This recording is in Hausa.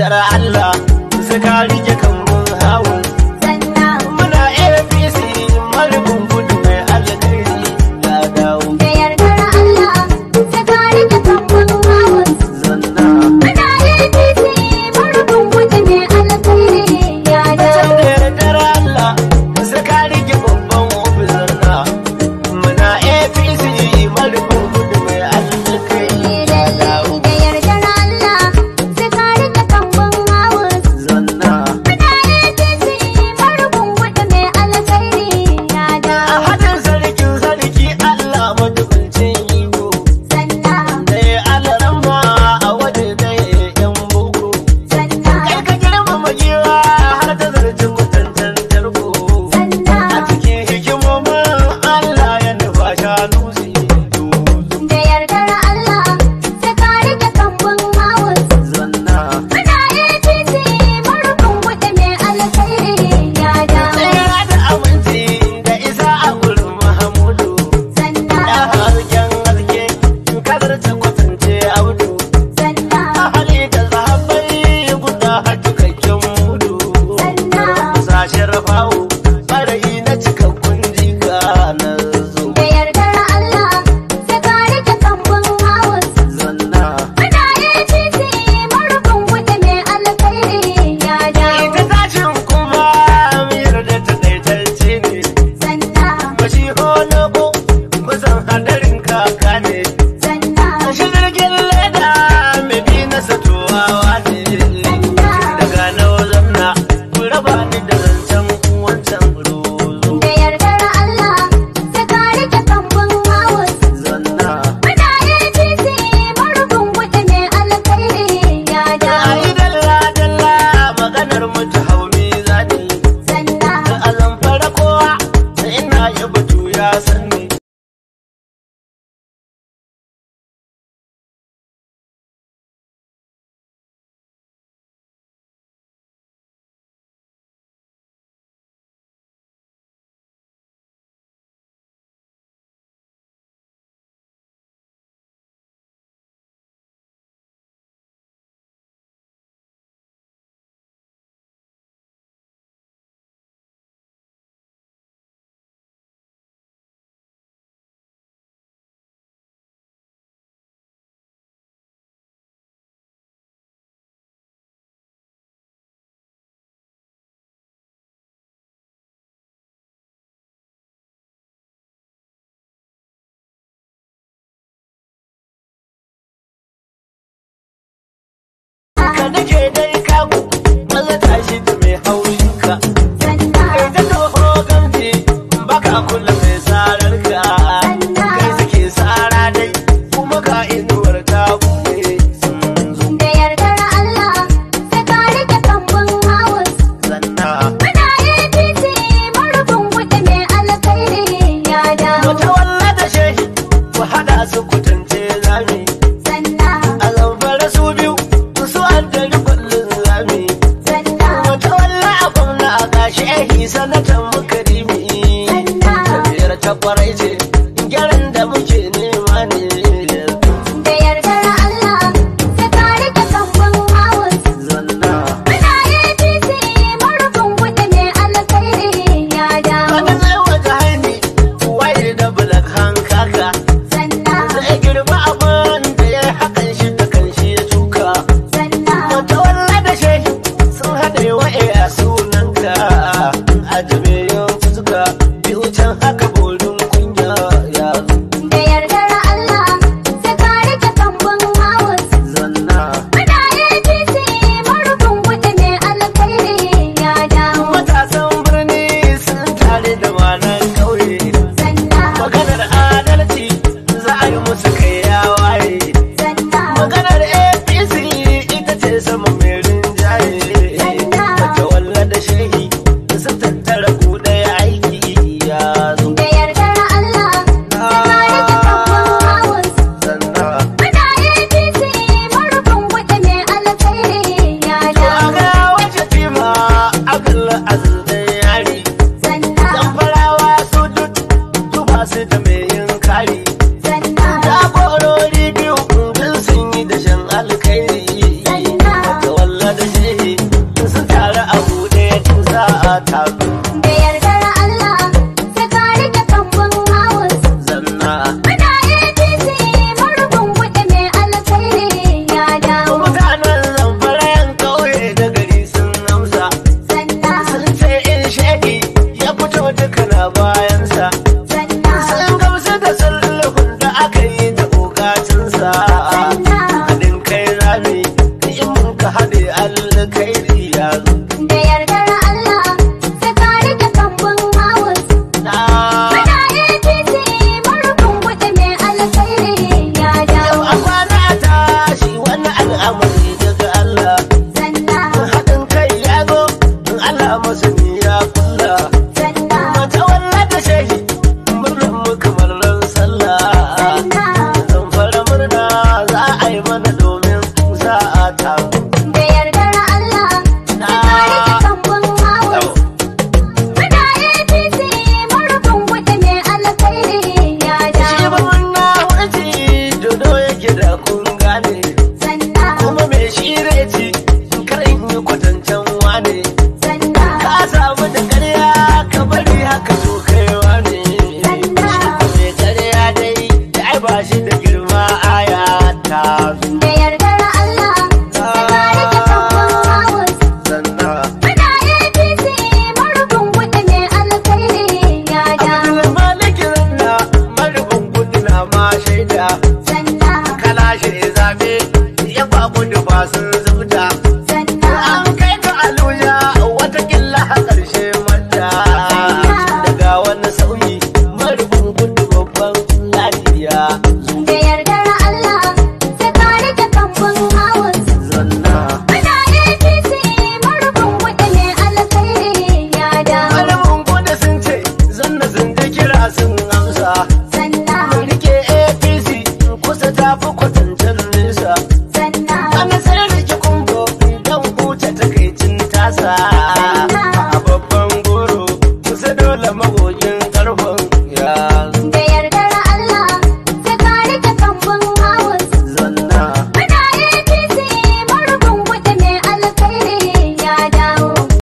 yardar Allah suka o. casa 绝对。